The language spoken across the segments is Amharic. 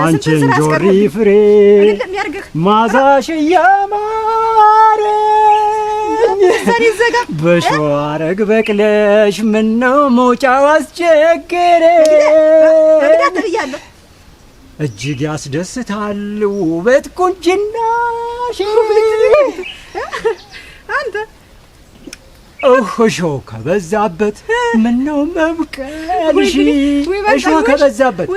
አንቺ እንጆሪ ፍሬ ማዛሽ እያማረኝ በሸዋ አረግ በቅለሽ ምነው መውጫው አስቸገረኝ። እጅግ ያስደስታል ውበት ቁንጅናሽ እሾህ ከበዛበት ነው መብቀልሽ እሾህ ከበዛበት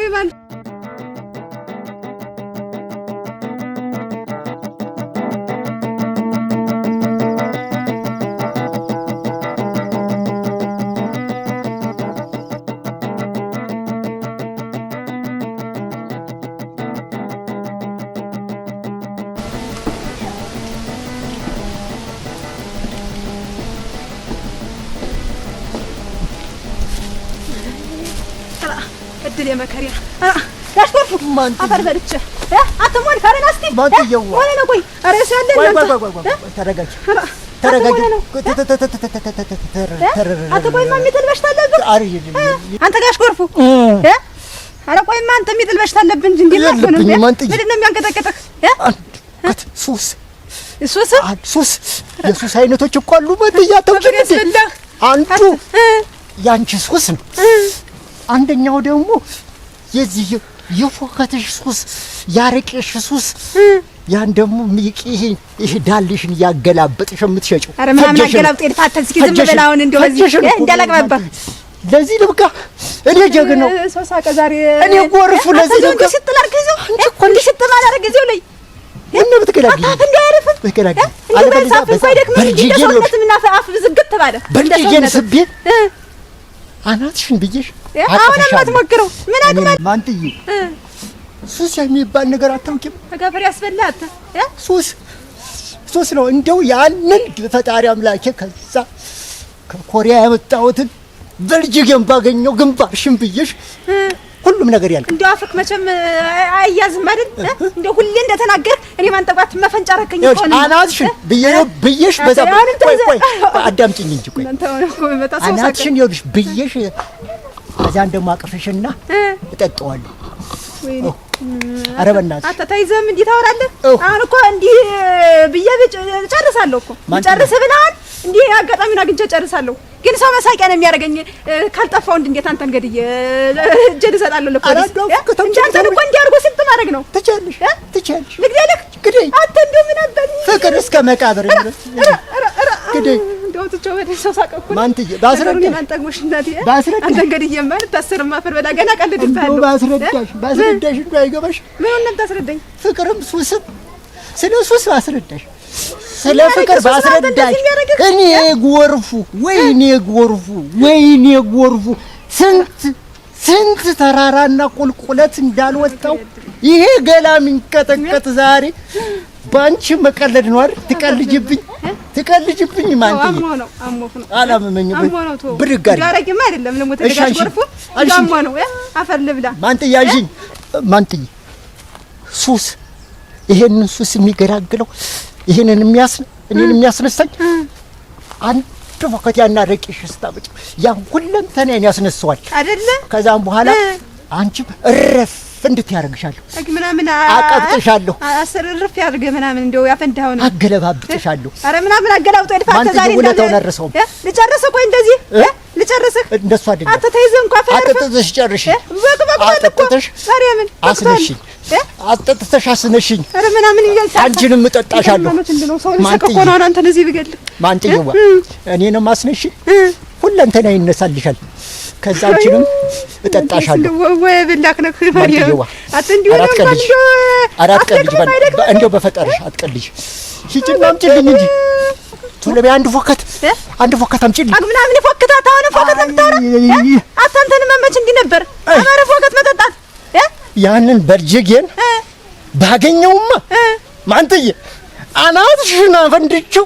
እድል የመከሬ ያሽኮርኩ ማንቲ አፈር በልቼ አትሞን ካረን አስቲ ማንትየዋ ሆነ ነው። ቆይ ኧረ ሳለ ነው። ተረጋጊ ተረጋጊ። ሱስ ሱስ ሱስ ሱስ ነው። አንደኛው ደግሞ የዚህ የፎከትሽ ሱስ ያረቄሽ ሱስ ያን ደግሞ ሚቂ ይሄ ዳልሽን እያገላበጥሽ የምትሸጪው። ኧረ ምናምን አገላብጥ የድፋት እስኪ ዝም ብላ አሁን እንደው እዚህ እንዳላቅበብህ ለዚህ ልብቃ። እኔ ጀግ ነው ሶሳ ከዛሬ እኔ ጎርፉ ለዚህ ልብቃ ስትል አድርግ ይዘው እንደ ስትል አላደርግ ይዘው ላይ ምነው ብትገላግኝ እንደ ያረፍን ብትገላግኝ አለበለዚያ በርጅጌን ነው አፍ ዝግት ባለ በርጅጌን ስቤ አናትሽን ብዬሽ አሁን የማትሞክረው ምን አግማል ማንትዬ ሱስ የሚባል ነገር አታውቂም። ከገፈር ያስበላ አታ ሱስ ሱስ ነው። እንደው ያንን ፈጣሪ አምላኬ ከዛ ከኮሪያ ያመጣሁትን በልጅጌም ባገኘው ግንባር ብዬሽ ሁሉም ነገር ያልክ እንደው አፍክ መቼም አያዝም አይደል? እንደው ሁሌ እንደተናገር እኔ ማንጠቋት መፈንጫ ረከኝ እኮ ነው አናትሽን ብዬሽ በዛ ቆይ ቆይ አዳምጪኝ እንጂ ቆይ አናትሽን ይኸውልሽ ብዬሽ ከዛን ደግሞ አቅፍሽና እጠጣዋለሁ። ኧረ በእናትሽ ተይዘህም እንዲህ ታወራለህ። አሁን እኮ እንዲህ ብዬ ጨርሳለሁ እኮ ጨርስ ብለሃል። እንዲህ አጋጣሚውን አግኝቼ ጨርሳለሁ። ግን ሰው መሳቂያ ነው የሚያደርገኝ። ካልጠፋው እንድ እንዴት አንተ እንግዲህ እጄ ልሰጣለሁ ለፖሊስ እንጂ አንተን እኮ እንዲህ አድርጎ ስልጥ ማድረግ ነው። ትችያለሽ፣ ትችያለሽ። ልግደልህ ግዴ አንተ እንዲሁ ምን አባል ፍቅር እስከ መቃብር ግዴ አውጥቼው ወደ ሰው ሳቅ ማንትዬ ባስረዳሽ ማንጠቅሞሽ እናቴ ባስረዳሽ አንተ እንግዲህ አልታሰርም አፈር በላ ገና ቀልድብሃለሁ። ባስረዳሽ ባስረዳሽ እንዶ አይገባሽ። ምን ነው የምታስረዳኝ? ፍቅርም ሱስም ስለ ሱስ ባስረዳሽ ስለ ፍቅር ባስረዳሽ። እኔ ጎርፉ ወይኔ ጎርፉ ወይኔ ጎርፉ ስንት ስንት ተራራና ቁልቁለት እንዳልወጣው ይሄ ገላ የሚንቀጠቀጥ ዛሬ በአንቺ መቀለድ ነው አይደል? ትቀልጅብኝ ትቀልጅብኝ ማንት አሞ ነው አሞ ነው አይደለም አሞ ነው አፈር ልብላ ሱስ ይሄንን ሱስ የሚገላግለው ይሄንን የሚያስነ እኔን የሚያስነሳኝ አንድ ወቅት ያና ረቂሽ ያን ሁሉም ተኔን ያስነሳዋል አይደለ? ከዛም በኋላ አንቺም እረፍ እንድት ያደርግሻለሁ ምናምን አቀብጥሻለሁ፣ አስርርፍ ያድርገ ምናምን እንደው ያፈንዳው ነው አገለባብጥሻለሁ። አረ ምናምን አገላብጦ ይድፋ ተዛሪ እንዳለ ተነርሰው ልጨርስ። ቆይ እንደዚህ ልጨርስህ። እንደሱ አይደለም። አጥተይዘ እንኳን ፈርፍ አጥጥተሽ ጨርሽ። ወቅ ወቅ አጥጥተሽ ማርያምን አስነሽኝ፣ አጥጥተሽ አስነሽኝ። አረ ምናምን እያልሽ አንቺንም እጠጣሻለሁ። ማንጥዬዋ እኔ ነው የማስነሽኝ ለእንትና ይነሳልሻል። ከዛ አንቺንም እጠጣሻለሁ። ወይ ብላክ ነው ማርያም፣ አትንዲሁ ነው አራት ቀን ልጅ እንደው በፈጠርሽ አትቀልጅ። ሂጂና አምጪልኝ እንጂ ቱለ አንድ ፎከት አንድ ፎከት አምጪልኝ። አግምና ምን ፎከታ ታሆነ ፎከት ልታረ አታንተን መመች እንዲህ ነበር አማረ ፎከት መጠጣት ያንን በርጅጌን ባገኘውማ ማንትዬ አናትሽን አፈንድቼው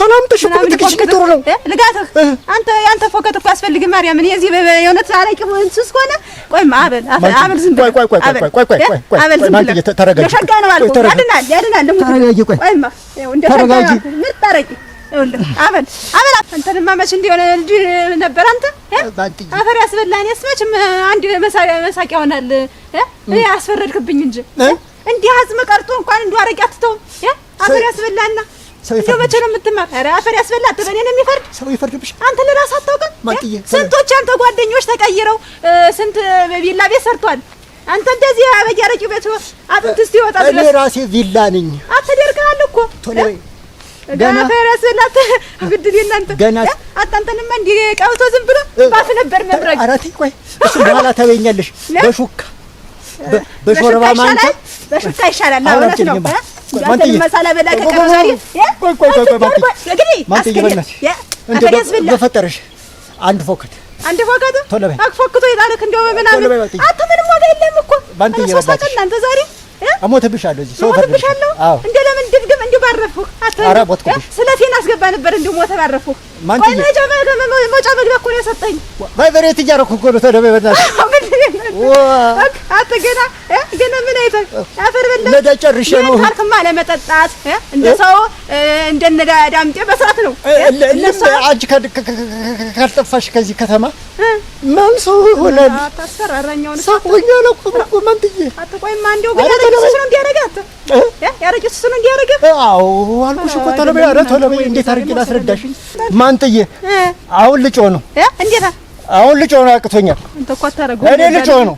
ቶሎ አምጥሽ እኮ ብትቀጭኝ ጥሩ ነው። ልጋትህ አንተ ያንተ ፎከት እኮ አያስፈልግም። ማርያምን የዚህ የእውነት አላውቂም እንስስ ከሆነ ቆይማ አበል አበል ዝም ብለህ ቆይ ቆይ ቆይ ቆይ ቆይ ቆይ አበል ዝም ብለህ ተረጋጊ። የሸጋ ነው አልኩህ። ያድናል ያድናል። ተረጋጊ። ቆይ ቆይማ እንደ ሸጋ ምርጥ አረቂ አበል አበል አንተንማ መች እንዲሆነ ልጅ ነበር። አንተ አፈር ያስበላህን ያስመችም አንድ መሳቂያ ሆናል። እኔ አስፈረድክብኝ እንጂ እንዲህ አዝመህ ቀርቶ እንኳን እንደው አረቂ አትተውም። አፈር ያስበላህና ሰው ይፈርድ። መቼ ነው የምትማር? ኧረ አፈር ያስበላ። በእኔ ነው የሚፈርድ ሰው ይፈርድብሽ። አንተ ለራስህ አታውቅም? ማጥዬ ስንቶች አንተ ጓደኞች ተቀይረው ስንት ቪላ ቤት ሰርቷል። አንተ እንደዚህ በየአረቂው ቤት አጥንት እስቲ ይወጣ ድረስ እኔ ራሴ ቪላ ነኝ። አትደርቀሃል እኮ ቶሎ ገና ፈረስ ላት ግድል እናንተ ገና አጣንተንማ እንዲ ቀብቶ ዝም ብሎ ባፍ ነበር መብረግ። ኧረ ተይ ቆይ፣ እሱ በኋላ ተበይኛለሽ። በሹካ በሾርባ ማንተ በሹካ ይሻላል። አሁን ነው በፈጠረሽ አንድ ፎከት አንድ ፎከት አክፎክቶ የታረክ እንደው በምናምን አቶ ምንም ዋጋ የለም እኮ ዛሬ እሞትብሻለሁ። እዚህ ሰው እፈርድብሻለሁ። እንደ ለምን ድብድብ አይደለም እንዲሁ ባረፍኩ። አረ ቦትኩ ስለቴን አስገባ ነበር እንዲሁ ሞተ ባረፍኩ። ማን ቆይ መጫ መጫ መግቢያ እኮ ነው የሰጠኝ። ባይበሬት እያደረኩ እኮ ነው። ተደበይ በእናትህ አንተ ገና ገና ምን አይተህ አፈር በላህ። ነዳ ጨርሼ ነው አልክማ ለመጠጣት እንደ ሰው እንደ ነዳ ዳምጤ በስራት ነው። አንቺ ካልጠፋሽ ከዚህ ከተማ ማን ሰው ይሆናል? ታስፈራራኛውን ሰውኛ ሆኛለሁ እኮ ማንትዬ። አንተ ቆይማ እንዲሁ ገና ያረጀ ሱስ ነው እንዲያረገ ያረጁ ሱስ ነው እንዲያረገ አዎ አልኩሽ እኮ ቶሎ በይ፣ ኧረ ቶሎ በይ። እንዴት አድርጌ ላስረዳሽ? ማንጥዬ አሁን ልጮ ነው። እንዴት አሁን ልጮ ነው? አቅቶኛል። አንተ እኮ አታረጉ። እኔ ልጮ ነው።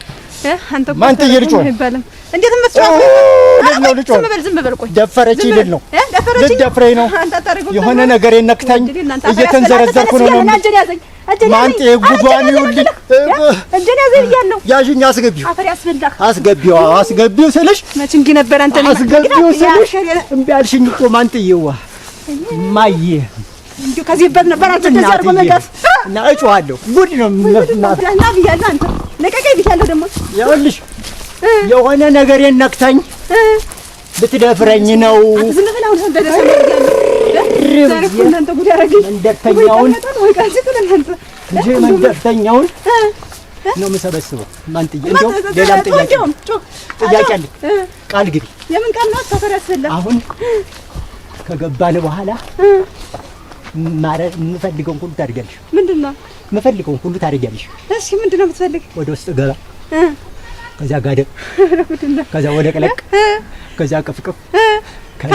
አንተ እኮ ማንጥዬ ልጮ ነው። እንዴት ነው ዝም ነው። ዝም በል። ቆይ ደፈረች ይልል ነው ደፈረች ልደፍረኝ ነው። የሆነ ነገር የነክታኝ እየተንዘረዘርኩ ነው ነው ማንጤ ጉዷን ይኸውልኝ፣ እጄን ያዘኝ ብያለሁ። ያዥኝ፣ አስገቢው፣ አስገቢው፣ አስገቢው ስልሽ መች እንዲህ ነበር። አንተ አስገቢው ስልሽ እምቢ አልሽኝ እኮ ይዋ ማዬ እንዲሁ ከዚህ በር ነበር አንተ እንደዚህ አድርጎ መጋፍ እና እጮሃለሁ። ጉድ ነው ና ብያለሁ። አንተ ለቀቀኝ ብያለሁ። ደግሞ ይኸውልሽ የሆነ ነገር የነክታኝ ብትደፍረኝ ነው። ዝም ብለህ አሁን ደረሰ መንደርተኛውን መንደርተኛውን ነው የምሰበስበው። ማን ጥያቄው? ሌላም ጥያቄ ጥያቄ አለ። ቃል ግቢ። የምን ቃል ነው? አሁን ከገባን በኋላ ማረግ የምፈልገውን ሁሉ ታደርጊያለሽ። ምንድን ነው የምፈልገውን ሁሉ ታደርጊያለሽ። እሺ፣ ምንድን ነው የምትፈልግ? ወደ ውስጥ ገባ፣ ከዛ ጋደም፣ ከዛ ወለቅለቅ፣ ከዛ ቅፍቅፍ ከዛ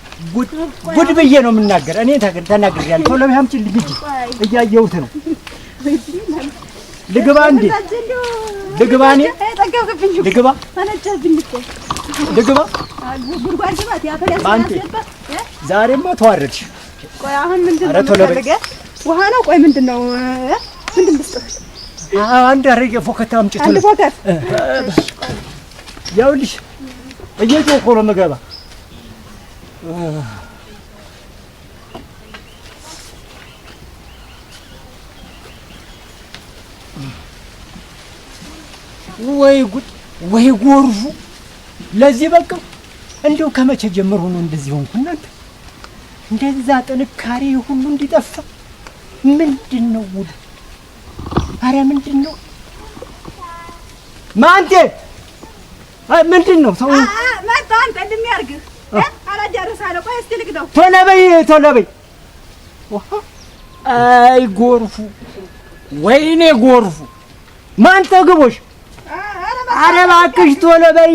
ጉድ ብዬ ነው የምናገር። እኔ ተናግሬያለሁ። ቶሎ በይ ልጅ እያየሁት ነው። ልግባ እንዴ? ልግባ እኔ ልግባ ልግባ። ዛሬማ ተዋረድሽ። ኧረ ቶሎ በይ። ውሃ ነው? ቆይ ምንድን ነው? ምንድን ልስጥህ? አንድ አረቄ ፎከታ አምጪ። ያው ልሽ እኮ ነው የምገባ ወይ ጉድ! ወይ ጎርፉ! ለዚህ በቃ እንዲሁ ከመቼ ጀምሮ ነው እንደዚህ ሆንኩ? እናንተ እንደዛ ጥንካሬ ሁሉ እንዲጠፋ ምንድን ነው ውድ? ምንድን ነው ማንቴ? ምንድን ነው ሰው መጣ። አንተ እንደሚያርግህ ቶሎ በይ ቶሎ በይ። አይ ጎርፉ፣ ወይኔ ጎርፉ ማን ጠግቦሽ? ኧረ እባክሽ ቶሎ በይ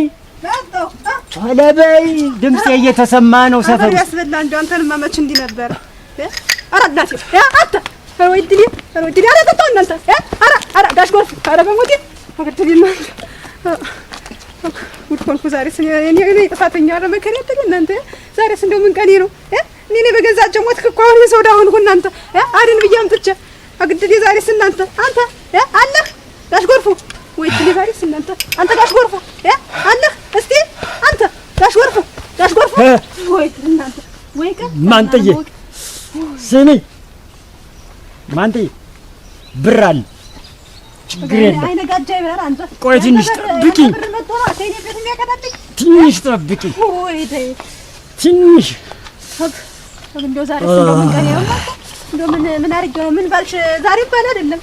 ቶሎ በይ። ድምጼ እየተሰማ ነው። ሰፈር ያስበላ እንደ አንተንማ መች እንዲህ ነበረ። ውድ ሆንኩ። ዛሬስ እኔ ጥፋተኛ ለመከር ያደለ እናንተ ዛሬስ እንደው ምን ቀኔ ነው? እኔ እኔ በገዛቸው ሞት እኮ አሁን ይሄ ሰውዳ ሆንኩ። እናንተ አድን ብዬ አምጥቼ አግድል። ዛሬስ እናንተ አንተ አለህ ጋሽ ጎርፉ ወይ ትል። ዛሬስ እናንተ አንተ ጋሽ ጎርፉ አለህ እስቲ አንተ ጋሽ ጎርፉ ጋሽ ጎርፉ ወይ እናንተ ወይ ቀን ማንጥዬ ስሚ ማንጥዬ ብር አለ ችግር የለም። ቆይ ትንሽ ጠብቂኝ፣ ትንሽ ጠብቂኝ፣ ትንሽ ምን ምን አድርጌ ነው? ምን ባልሽ ዛሬ ይባል አይደለም።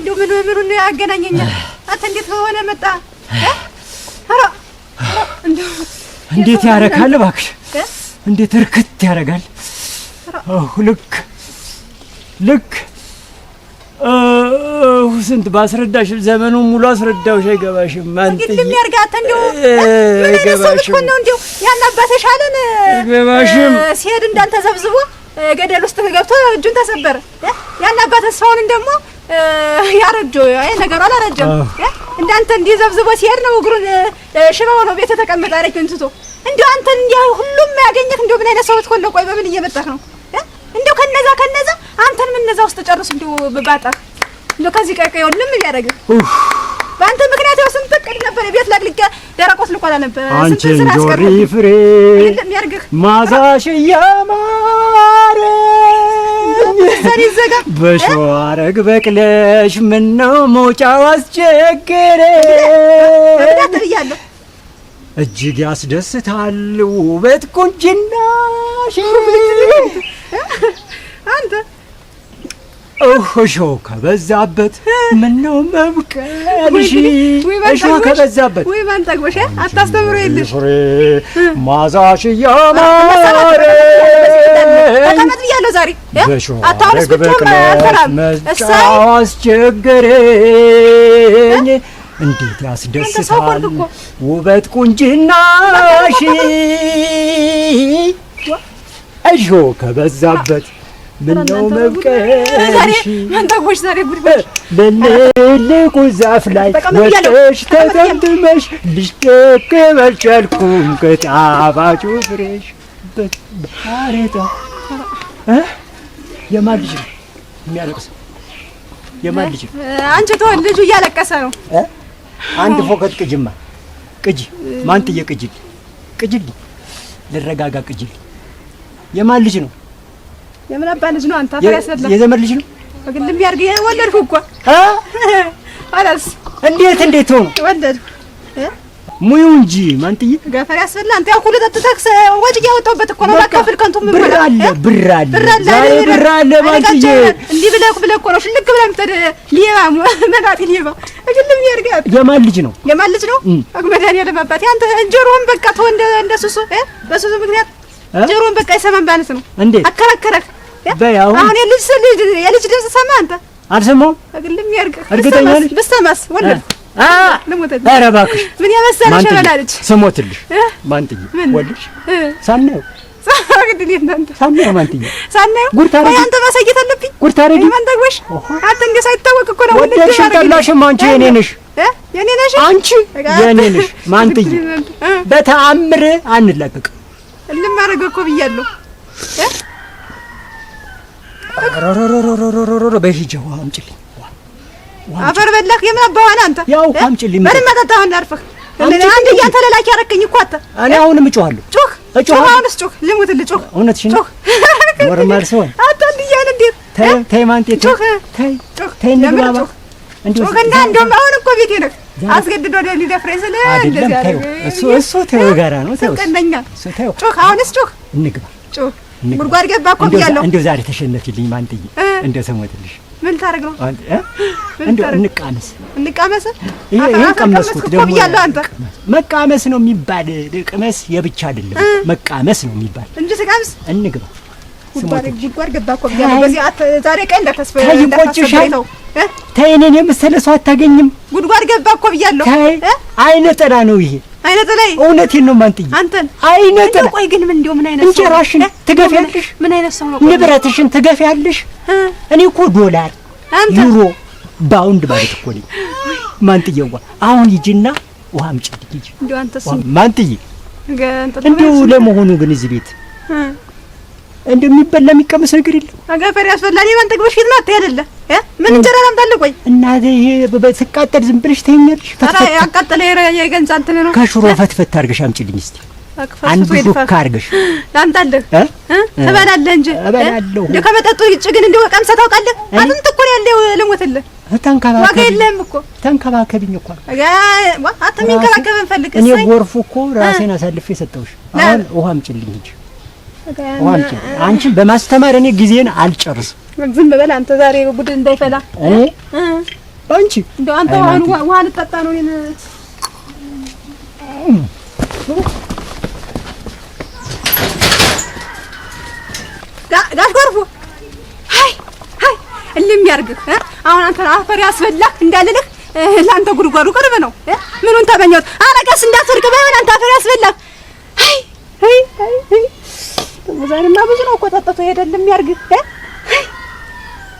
እንደው ምን ምኑን ነው ያገናኘኛል? አንተ እንዴት ሆነ መጣ? ኧረ እንዴት ያረካል እባክሽ! እንዴት እርክት ያረጋል! ልክ ልክ ስንት ባስረዳሽ ዘመኑ ሙሉ አስረዳውሽ አይገባሽም። አንተ ግን የሚያርጋት እንደው ምን አይነት ነው እንደው ያን አባትሽ አለን አይገባሽም። ሲሄድ እንዳንተ ዘብዝቦ ገደል ውስጥ ገብቶ እጁን ተሰበረ። ያን አባትሽ ሰውን ደግሞ ያረጆ አይ ነገሩ አላረጀም። እንዳንተ እንዲህ ዘብዝቦ ሲሄድ ነው እግሩን ሽባው ነው ቤት ተቀመጠ አረጅን ትቶ እንደው አንተን እንዲያ ሁሉም ያገኘት እንደው ምን አይነት ሰው ብትሆን ነው? ቆይ በምን እየመጣህ ነው? እንደው ከነዛ ከነዛ አንተን ምን እነዛ ውስጥ ተጨርስ እንዲሁ ባጣህ እንዲሁ ከዚህ ቀይ ቀይ ወልም በአንተ ምክንያት ያው ስንት እቅድ ነበር። ቤት ለቅልቄ ደረቆት ልኳላ ነበር። አንቺ ጆሪ ፍሬ ማዛሽ እያማረ በሸዋ አረግ በቅለሽ ምነው መውጫው አስቸገረ። እጅግ ያስደስታል ውበት ቁንጅናሽ አንተ እሾ ከበዛበት ምነው መብቀልሽ እሾ ከበዛበት ወይ ባንጠግበሽ አታስተምሮ የለሽ ፍሬ ማዛሽ እያማረ ተቀመጥ ብያለሁ ዛሬ አስቸገረኝ እንዴት ያስደስታል ውበት ቁንጅናሽ እሾ ከበዛበት ምነው መብቀልሽ ዛፍ ላይ ወጥተሽ ተጠምጥመሽ ከጣፋጩ ፍሬሽ። የማን ልጅ ነው የሚያለቅሰው? የማን ልጅ ነው? አንቺ ተወው፣ ልጁ እያለቀሰ ነው። አንድ ፎከት ቅጅማ ቅጅ ማንትዬ ቅጅል? ቅጅል ልረጋጋ፣ ቅጅል? የማን ልጅ ነው? የምን አባ ልጅ ነው አንተ? አፈር ያሰላ የዘመድ ልጅ ነው። በግልም ያርግ ወለድኩ እኮ አላስ እንዴት እንዴት ሆኖ ወለድኩ ሙዩ እንጂ ማንጥዬ ገፈር ያስፈላ አንተ ያው ሁሉ ተተክሰ ወጭ ያወጣሁበት እኮ ነው። ማካፈል ከንቱ ምን ብር አለ ብር አለ ዛሬ ብር አለ ማንጥዬ እንዲህ ብለህ ብለህ እኮ ነው ሽልክ ብለህ ምትደ ሊባ መናት ሊባ እግልም ያርጋ የማን ልጅ ነው የማን ልጅ ነው አግመዳን ያለባባት ማባት አንተ እንጀሮም በቃ ተወንደ እንደ እንደሱሱ በሱሱ ምክንያት ጆሮን በቃ ይሰማን ባንስ ነው እንዴ አከራከረክ አሁን የልጅ የልጅ ድምፅ ሰማ አንተ አልሰማሁም። እግልም ያርቅህ እርግጠኛ ነሽ? ብትሰማስ ወለድኩ ኧረ እባክሽ ምን የመሰለ ሸበላ ልጅ ስሞትልሽ ማንጥዬ ወልሽ ሳናየው ሳናየው ማንጥዬ ሳናየው ጉርታሬ አንተ ማሳየት አለብኝ። ጉርታሬ ማን ደግሞሽ አንተ እንደ ሳይታወቅ እኮ ነው ወደድሽ ጠላሽም አንቺ የኔ ነሽ የኔ ነሽ አንቺ የኔ ነሽ ማንጥዬ በተአምር አንለቀቅም። ልማረገ እኮ ብያለሁ ሮሮሮሮሮሮሮሮ በሂጅ ውሃ አምጪልኝ። አፈር በላህ የምን አንተ ያው አምጪልኝ። ምንም መጠጣህን ላርፈህ እንዴ አንድ እያንተ ለላኪ ያረከኝ እኮ አታ እኔ አሁንም እጮሃለሁ። ጮህ ጮህ፣ አሁንስ ጮህ፣ ልሙት ልጮህ። እውነትሽን ጮህ። ኖርማል ሰው አታ እንዲያለ እንዴ ተይ ተይ፣ ማንጤ ጮህ ተይ ጮህ ተይ፣ ንግባባ እንዴ ጮህና እንደውም አሁን እኮ ቤቴ ነህ አስገድዶ ወደ ሊደፍረኝ ስለ እንደዚህ አይደለም። እሱ እሱ ተው ጋራ ነው ተው፣ ቀነኛ ጮህ፣ አሁንስ ጮህ፣ እንግባ ጮህ ጉድጓድ ገባ እኮ ብያለሁ። እንደው ዛሬ ተሸነፊልኝ። ማን ጥዬ እንደው ስሞትልሽ ምን ልታደርግ ነው? እንደው እንቃመስ እንቃመስ። ይሄን ቀመስኩት ደግሞ ብያለሁ። አንተ መቃመስ ነው የሚባል ቅመስ የብቻ አይደለም መቃመስ ነው የሚባል እንጂ ስቃምስ እንግባ። ጉድጓድ ገባ እኮ ብያለሁ። በዚህ ዛሬ ቀን እንዳታስፈ እንዳታስፈ ተይ፣ እኔን የመሰለ ሰው አታገኝም። ጉድጓድ ገባ እኮ ብያለሁ። ተይ፣ አይነ ጠላ ነው ይሄ አይነ ጥላይ እውነቴን ነው ማንጥዬ፣ አንተን አይነ ጥላይ። ቆይ ግን ምን እንደው ምን አይነት እንጀራሽን ትገፊያለሽ? ምን አይነት ሰው ነው? ንብረትሽን ትገፊያለሽ? እኔ እኮ ዶላር፣ ዩሮ፣ ባውንድ ማለት እኮ ነኝ ማንጥዬዋ። አሁን ሂጂና ውሃ አምጪልኝ። ሂጂ እንደው አንተስ ማንጥዬ። እንደው ለመሆኑ ግን እዚህ ቤት እንደሚበላ የሚቀመስ ነገር የለም። አጋፈሪ አስፈላጊ ባንተ ግብሽ ፊት ናት አይደለ? ምን እንጀራ ላምጣልህ? ቆይ እናቴ ትቃጠል። ዝም ብለሽ ትይኛለሽ። ያቃጠለ የገንዛ እንትን ነው። ከሽሮ ፈትፈት አድርገሽ አምጪልኝ እስኪ። አንድ ዱካ አድርገሽ ላምጣልህ። እበላለህ እንጂ እበላለሁ። ከመጠጡ ውጭ ግን እንደው ቀምሰህ ታውቃለህ? አጥንት እኮ ነው ያለው። ልሞትልህ ዋጋ የለህም እኮ ተንከባከቢኝ እኮ አትሚንከባከብ እንፈልግ። እኔ ጎርፉ እኮ ራሴን አሳልፌ ሰጠሁሽ። አሁን ውሃ አምጪልኝ እንጂ አንቺ አንቺ በማስተማር እኔ ጊዜን አልጨርስም። ዝም በል አንተ ዛሬ ቡድን እንዳይፈላ እኔ አንቺ እንደው አንተ አሁን ውሃ ልጠጣ ነው እኔን ጋሽ ጎርፉ ሀይ ሀይ እልም ያርግህ። አሁን አንተ አፈር ያስበላህ እንዳልልህ ለአንተ ጉድጓዱ ቅርብ ነው። ምኑን ተመኘሁት? አረጋስ እንዳትወድቅ ባይሆን አንተ አፈር ያስበላህ ያርግህ።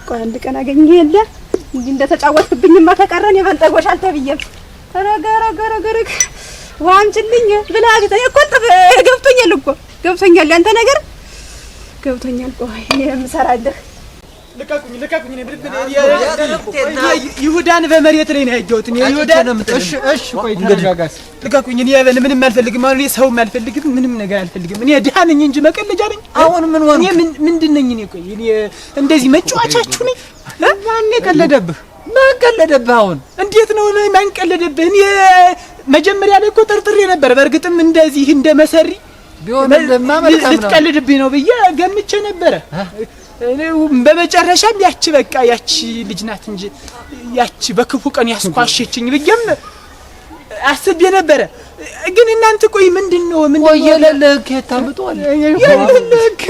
ቆይ አንድ ቀን አገኘ የለ እንዲህ እንደተጫወትክብኝማ ከቀረን የበልጠጎሽ አልተብዬም። ረገ ረገ ረገ ውሃ አምጪልኝ ብለህ አግተህ እኮ ገብቶኛል እኮ ገብቶኛል። ያንተ ነገር ገብቶኛል። ቆይ እኔ የምሰራልህ ልቀቁኝ ልቀቁኝ። ይሁዳን በመሬት ላይ ነው ያየሁት። ልቀቁኝ። ምንም አልፈልግም። አሁን ሰውም አልፈልግም፣ ምንም ነገር አልፈልግም። እኔ ድሀ ነኝ እንጂ መቀለጃ ነኝ። አሁን ምን ሆነ? ምንድን ነኝ እኔ? ቆይ እኔ እንደዚህ መጫወቻችሁ ነኝ? ማን ቀለደብህ? ማን ቀለደብህ? አሁን እንዴት ነው? ማን ቀለደብህ? እኔ መጀመሪያ ላይ እኮ ጠርጥሬ ነበር። በእርግጥም እንደዚህ እንደ መሰሪ ቢሆን ልትቀልድብኝ ነው ብዬ ገምቼ ነበረ። በመጨረሻም ያቺ በቃ ያቺ ልጅ ናት እንጂ ያቺ በክፉ ቀን ያስኳሸችኝ ልጅም አስቤ ነበረ። ግን እናንተ ቆይ ምንድን ነው ምን ወይ የሌለ ህግ ታምጧል? የሌለ ህግ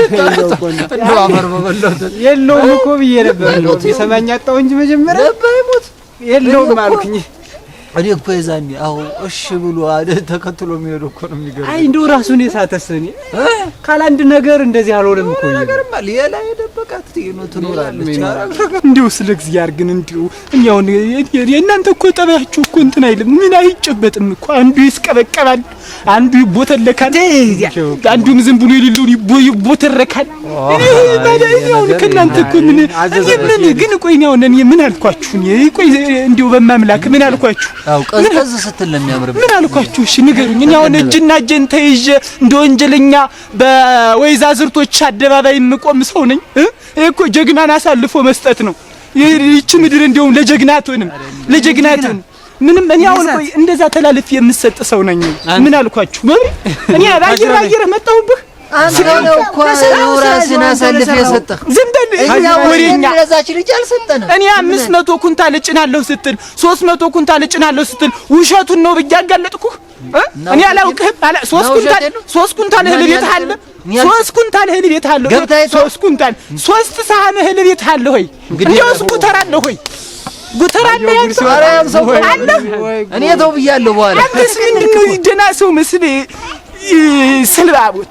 የለውም እኮ ብዬ ነበር። የሰማኝ አጣሁ እንጂ መጀመሪያ ነበር ሞት የለውም አልኩኝ። እኔ እኮ የዛኔ አሁ እሺ ብሎ ተከትሎ የሚሄዱ እኮ ነው የሚገርም። አይ እንደው ራሱን የሳተስ እኔ ካለ ነገር እንደዚህ አልሆነም እኮ ነገርማ ሌላ የደበቃት ነው ትኖራለች። እንዲሁ ስለ እግዚአብሔር ግን እንዲሁ እኛ የእናንተ እኮ ጠባያችሁ እኮ እንትን አይልም ምን አይጨበጥም እኮ አንዱ ይስቀበቀባል፣ አንዱ ይቦተለካል፣ አንዱም ዝም ብሎ የሌለውን ይቦተረካል። አሁን ከእናንተ እኮ ምን ግን ቆይ እኔ አሁን ምን አልኳችሁ? ቆይ እንዲሁ በማምላክ ምን አልኳችሁ? አው ቀዝቀዝ ስትል ለሚያምር ምን አልኳችሁ? እሺ ንገሩኝ። እኔ አሁን እጅና እጄን ተይዤ እንደ ወንጀለኛ በወይዛዝርቶች አደባባይ የምቆም ሰው ነኝ? ይሄ እኮ ጀግናን አሳልፎ መስጠት ነው። ይህቺ ምድር እንደውም ለጀግና አትሆንም፣ ለጀግና አትሆንም። ምንም እኔ አሁን ቆይ እንደዛ ተላልፍ የምሰጥ ሰው ነኝ። ምን አልኳችሁ? እኔ ባየር ባየር መጣሁብህ አንተ ነው እኮ ራስህን አሳልፈህ የሰጠህ። ዝም በል ወሬኛ። ለዛች ልጅ አልሰጠንም። እኔ አምስት መቶ ኩንታል እጭናለሁ ስትል ሶስት መቶ ኩንታል እጭናለሁ ስትል ውሸቱን ነው ብዬሽ አጋለጥኩህ። እኔ አላውቅህም። ሶስት ኩንታል ሶስት ኩንታል እህል ቤት አለ። ሶስት ኩንታል እህል ቤት አለ። ሶስት ኩንታል ሶስት ሰሃን እህል ቤት አለ ሆይ እንዲያውስ ጉተራ አለ ሆይ ጉተራ አለ አለ። እኔ ተው ብያለሁ። በኋላ አንተስ ምንድን ነው ይደና ሰው መስል ስልባቡት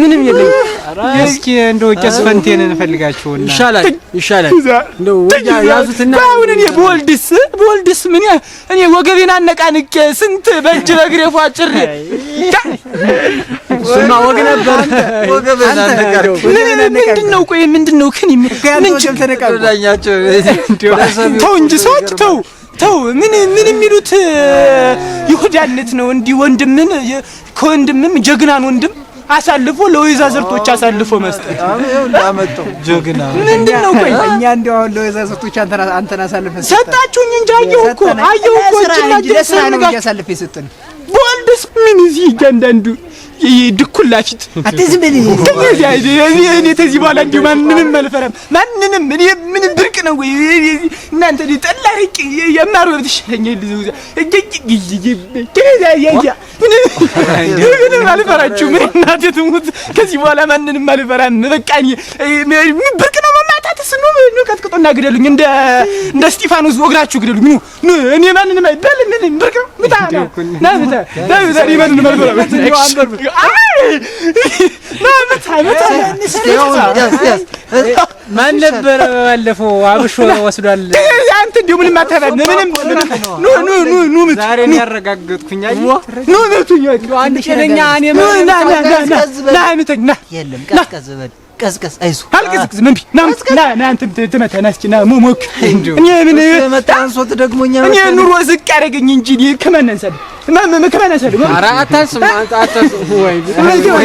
ምንም የለም። እስኪ እንደው ቄስ ፈንቴን እንፈልጋችሁና ይሻላል ይሻላል። እንደው ያዙትና አሁን እኔ በወልድስ በወልድስ ምን እኔ ወገቤን አነቃንቄ ስንት በእጅ በእግሬ ፏጭር ስማ ወግ ነበር ወገቤን አነቃንቄ ምንድን ነው ቆይ ምንድን ነው ከኔ ምን ተነቃዳኛቸው ተው እንጂ ሰዎች ተው ተው ምን ምን የሚሉት ይሁዳነት ነው እንዲህ ወንድምን ከወንድምም ጀግናን ወንድም አሳልፎ ለወይዛዝርቶች አሳልፎ መስጠት ላመጣው ጀግና ምንድን ነው? ቆይ እኛ እንዲያው አሁን ለወይዛዝርቶች አንተን አሳልፈ ሰጣችሁኝ እንጂ አየሁ እኮ አየሁ እኮ እጅ ለስራ ነው እንጂ አሳልፌ ሰጠን በወልድስ ምን እዚህ እያንዳንዱ ድኩላ ፊት አትዝም በል። እኔ ተዚህ በኋላ እንዲሁ ማንንም አልፈራም፣ ማንንም እኔ ምን ብርቅ ነው ወይ እናንተ ጠላ ረቂ የማር ወር ትሽለኛል። ምንም አልፈራችሁም። እናቴ ትሙት ከዚህ በኋላ ማንንም አልፈራም። በቃ ምን ብርቅ ነው በጣትስ ኑ ኑ ቀጥቅጡና ግደሉኝ። እንደ እንደ እስጢፋኖስ ወግራችሁ ግደሉኝ። ኑ እኔ ማንንም አይበል ምን ብርቅ ምጣ ነው ና ምጣ ና ማን ነበረ ባለፈው አብሾ ወስዷል። አንተ እንደው ምንም አታባል ምንም ኑ ኑ ኑ ኑ ዛሬ ነው ያረጋገጥኩኝ። አይ ኑ ምትኛ አንድ ሸለኛ እኔ ምን ና ና ና ና ምተኛ የለም ቀዝቀዝ በል ቀዝቀዝ አይዞህ፣ አልቀዝቅዝም። እምቢ ና ና አንተም ትመታ ና ና ሞሞክ እኔ ምን መታ አንሶት ደግሞኛ እኔ ኑሮ ዝቅ ያደረገኝ እንጂ ከመነንሰል ከመነንሰል ኧረ አታስብ፣ አታስብ ወይ ወይ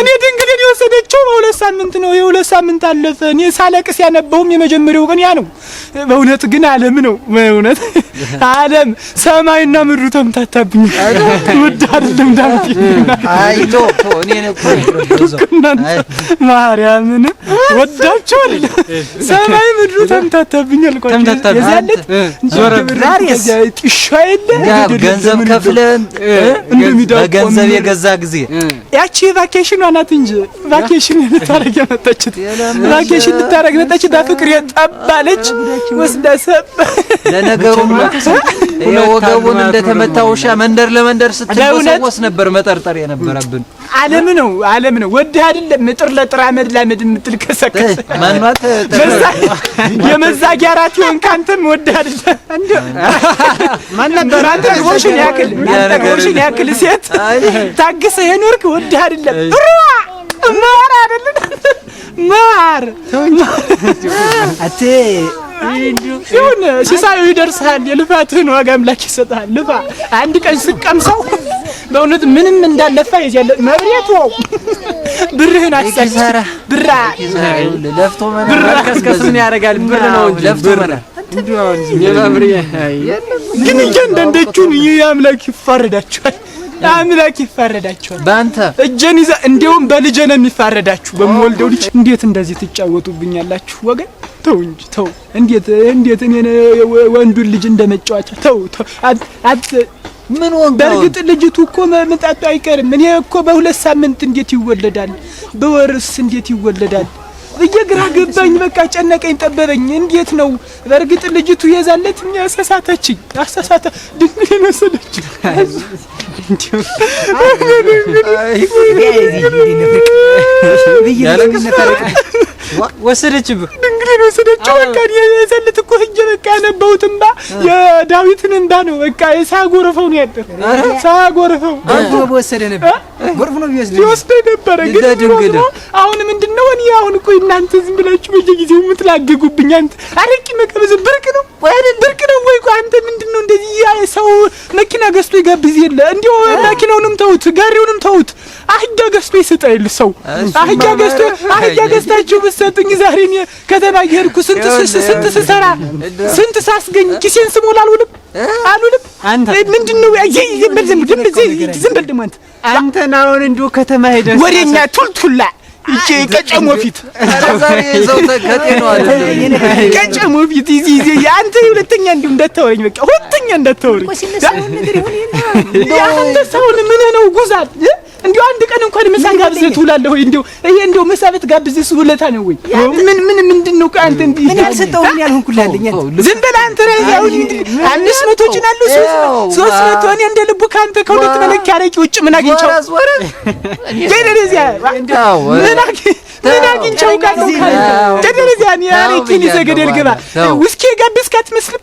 እኔ ድንግልን የወሰደችው በሁለት ሳምንት ነው። የሁለት ሳምንት አለፈ። እኔ ሳለቅስ ያነበውም የመጀመሪያው ቀን ያ ነው። በእውነት ግን ዓለም ነው በእውነት ዓለም ሰማይና ምድሩ ተምታታብኝ። ውድ አይደለም ዳንኪ አይቶ እኔ ማርያምን ወዳቸዋል። ሰማይ ምድሩ ተምታታብኝ አልቆ የዛለት ዞረ ገንዘብ ከፍለ እንደሚዳቆም በገንዘብ የገዛ ጊዜ ያቺ ቫኬሽኗ ናት እንጂ ቫኬሽን ልታረግ የመጣችት ቫኬሽን ልታረግ መጣች። በፍቅር የጠባለች ወስዳ ሰብ ለነገሩ ወገቡን እንደተመታ ውሻ መንደር ለመንደር ስትወሰወስ ነበር መጠርጠር የነበረብን። ዓለም ነው ዓለም ነው ወድ አይደለም ጥር ለጥር አመድ ላመድ የምትል ከሰከሰ ማንማት የመዛጊያ ራት ይሆን ካንተም ወደ አይደለም እንዴ ማን ነበር አንተ ጎሽን ያክል አንተ ያክል ሴት ታግሰ የኖርክ ወደ ወድህ አይደለም ሩዋ ማር አይደለም ማር አቴ ይሁን ሲሳዩ ይደርሳል። የልፋትህን ዋጋ አምላክ ይሰጣል። ልፋ አንድ ቀን ስቀምሰው በእውነት ምንም እንዳለፋ ይዘለ መብሬት ወው ብርህን አትሳሳ። ብራ ለፍቶ መና ብራ ከስከስ ምን ያደርጋል? ብር ነው እንጂ ለፍቶ መና እንዴ ግን እያንዳንዳችሁን ይህ አምላክ ይፋረዳችኋል። አምላክ ይፋረዳቸዋል በአንተ እጄን ይዛ እንዲያውም በልጄ ነው የሚፋረዳችሁ በምወልደው ልጅ እንዴት እንደዚህ ትጫወቱብኛላችሁ ወገን ተው እንጂ ተው እንዴት እንዴት እኔ ወንዱን ልጅ እንደመጫወቻ ተው ተው አት ምን ወንጋ በእርግጥ ልጅቱ እኮ መምጣቱ አይቀርም እኔ እኮ በሁለት ሳምንት እንዴት ይወለዳል በወርስ እንዴት ይወለዳል ብዬ ግራ ገባኝ። በቃ ጨነቀኝ፣ ጠበበኝ። እንዴት ነው? በእርግጥ ልጅቱ የዛለት አሳሳተችኝ። አሳሳተ ድንግል የመሰለች እንዲሁ ወሰደችብህ። ድንግሌን ወሰደችው። በቃ የዘልት እኮ ሂጅ በቃ ያነባሁት እምባ የዳዊትን እምባ ነው። በቃ ሳያጎረፈው ነው ያደር አንተ ወሰደ ነበር ጎርፍ ነው ይወስደ ነበረ። ግን አሁን ምንድን ነው እኔ አሁን እኮ እናንተ ዝም ብላችሁ በየጊዜው የምትላገጉብኝ አንተ አረቂ መቀበዝ ብርቅ ነው ወይ ብርቅ ነው ወይ አንተ ምንድን ነው እንደዚህ ሰው መኪና ገዝቶ ይጋብዝ የለ እንዲሁ መኪናውንም ተውት ጋሪውንም ተውት አህያ ገዝቶ ይሰጣል ሰው። አህያ ገዝቶ አህያ ገዝታችሁ ብትሰጡኝ ዛሬ እኔ ከተማ እየሄድኩ ስንት ስንት ስሰራ ስንት ሳስገኝ ኪሴን ስሞላ አልውልም አልውልም። ምንድን ነው ዝም ብል ደግሞ አንተ ናሁን እንዲሁ ከተማ ሄደህ ወሬኛ ቱልቱላ ይቼ ቀጨሞ ፊት ቀጨሞ ፊት ይዚ አንተ ሁለተኛ እንዲሁ እንዳታወረኝ፣ በቃ ሁለተኛ እንዳታወረኝ። አንተ ሰውን ምን ነው ጉዛት እንዲሁ እንኳን ምሳ ጋብዘህ ትውላለህ ወይ? እንደው ይሄ እንደው ምሳ ብትጋብዘህ እሱ ነው ወይ? ምን ምን ምንድን ነው አንተ እንዲህ ምን ያልሰጠሁህን ያልሆንኩልህ ዝም በላ አንተ። አምስት መቶ ጭናሉ ሶስት ሶስት መቶ እኔ እንደ ልቡ ከአንተ ከሁለት መለኪያ አረቂ ውጭ ምን አግኝቻው ምን ጋር አግኝቻው ቃለሁ ደደረዚያ አረቂ ይዘህ ገደል ግባ ውስኪ የጋብዝክ አትመስልም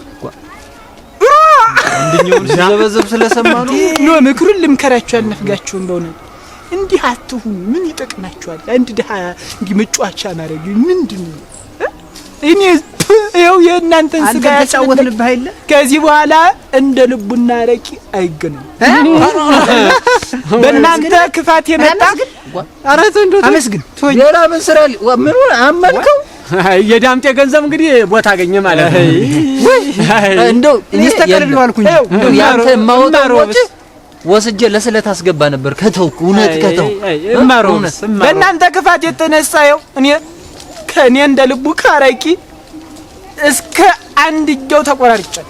አንደኛውን ሲዘበዘብ ስለሰማ ነው። ኖ ምክሩን ልምከራችሁ አልነፍጋችሁም። በእውነት እንዲህ አትሁኑ። ምን ይጠቅማችኋል? አንድ ድሀ እንዲህ መጫወቻ ማድረግ ምንድን ነው? እኔ ይኸው የእናንተን ስጋ ያጫወትንብህ አይደለ? ከዚህ በኋላ እንደ ልቡና አረቂ አይገናም። በእናንተ ክፋት የመጣ አረ አመስግን። ሌላ ምን ስራ ምን አመንከው የዳምጤ ገንዘብ እንግዲህ ቦታ አገኘ ማለት ነው። እንደው ይስተቀልል አልኩኝ። ያንተ የማወጣው ወጪ ወስጄ ለስለት አስገባ ነበር ከተው እውነት ከተው እማሮስ በእናንተ ክፋት የተነሳ ይኸው እኔ ከእኔ እንደ ልቡ ካረቂ እስከ አንድ እጀው ተቆራርጫል።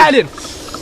ቃልን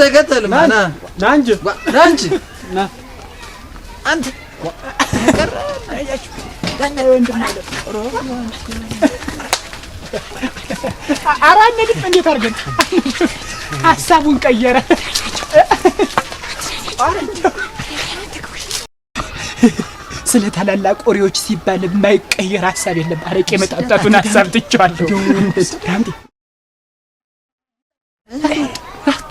ተከተልም እንጂ ኧረ እንድም እንዴት አድርገን ሀሳቡን ቀየረ። ስለ ታላላቅ ወሬዎች ሲባል የማይቀየር ሀሳብ የለም። አረቄ የመጣጣቱን ሀሳብ ትቼዋለሁ።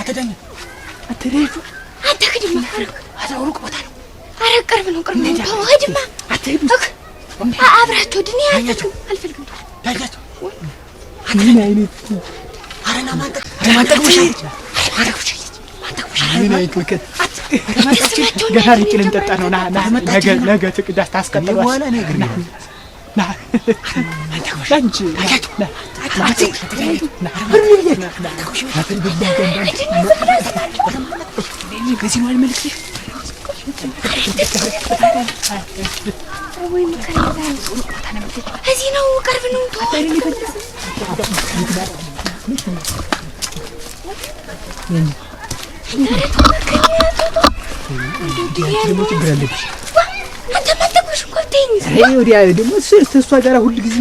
አትዳኝ አትሄዱ። አንተ ግድማ አረ ሩቅ ቦታ ነው። አረ ቅርብ ነው፣ ቅርብ ነው። ግድማ አትሄዱ። አብራቸው ድን ያቸው አልፈልግም። ዳኛቸው ምን አይነት አረና ማንጠቅ ማንጠቅ ውሻ ማንጠቅ ውሻ ምን አይነት ውከት ገና ሪጭ ልንጠጣ ነው። ነገ ትቅዳስ ታስቀጥሏል። እዚህ ነው፣ ቅርብ ነው። አንተማ አትተኩሽ እኮ ተይኝ ይሄ ወዲያ ደግሞ እሷ ጋር ሁል ጊዜ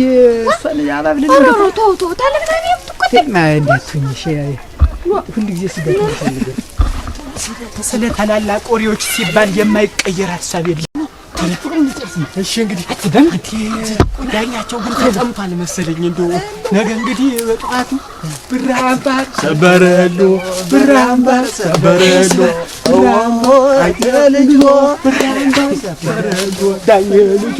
እሷን አባብለን ነው ነው ተው ተው ታለቅና ነው ትቆጥ ማ እንዴት ትንሽ ሁል ጊዜ ስለ ታላላቅ ወሬዎች ሲባል የማይቀየር ሀሳብ የለም። እሺ እንግዲህ በምት ዳኛቸው ግን ተጠምቷል መሰለኝ። እንደው ነገ እንግዲህ በጠዋቱ ብር አምባር ሰበረሉ ብር አምባር ሰበረሉ ዳኛ ልጆ